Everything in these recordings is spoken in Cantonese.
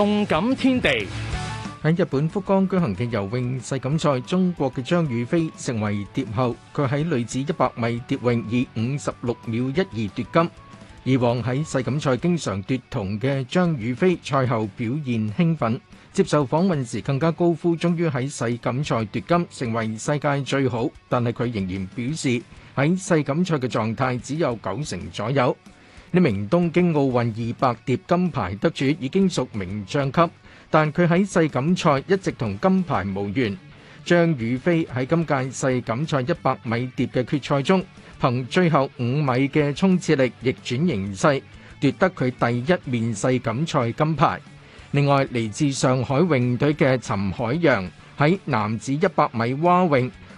動感天地，喺日本福岡舉行嘅游泳世錦賽，中國嘅張雨霏成為蝶后。佢喺女子一百米蝶泳以五十六秒一二奪金。以往喺世錦賽經常奪銅嘅張雨霏賽後表現興奮，接受訪問時更加高呼：終於喺世錦賽奪金，成為世界最好。但係佢仍然表示喺世錦賽嘅狀態只有九成左右。呢名東京奧運二百蝶金牌得主已經屬名將級，但佢喺世錦賽一直同金牌無緣。張雨霏喺今屆世錦賽一百米蝶嘅決賽中，憑最後五米嘅衝刺力逆轉形勢，奪得佢第一面世錦賽金牌。另外，嚟自上海泳隊嘅覃海洋喺男子一百米蛙泳。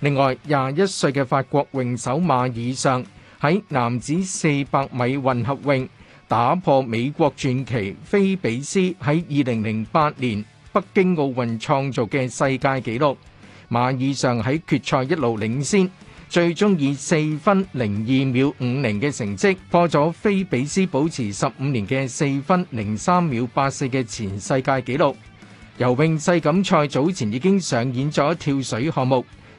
另外，廿一歲嘅法國泳手馬爾尚喺男子四百米混合泳打破美國傳奇菲比斯喺二零零八年北京奧運創造嘅世界紀錄。馬爾尚喺決賽一路領先，最終以四分零二秒五零嘅成績破咗菲比斯保持十五年嘅四分零三秒八四嘅前世界紀錄。游泳世錦賽早前已經上演咗跳水項目。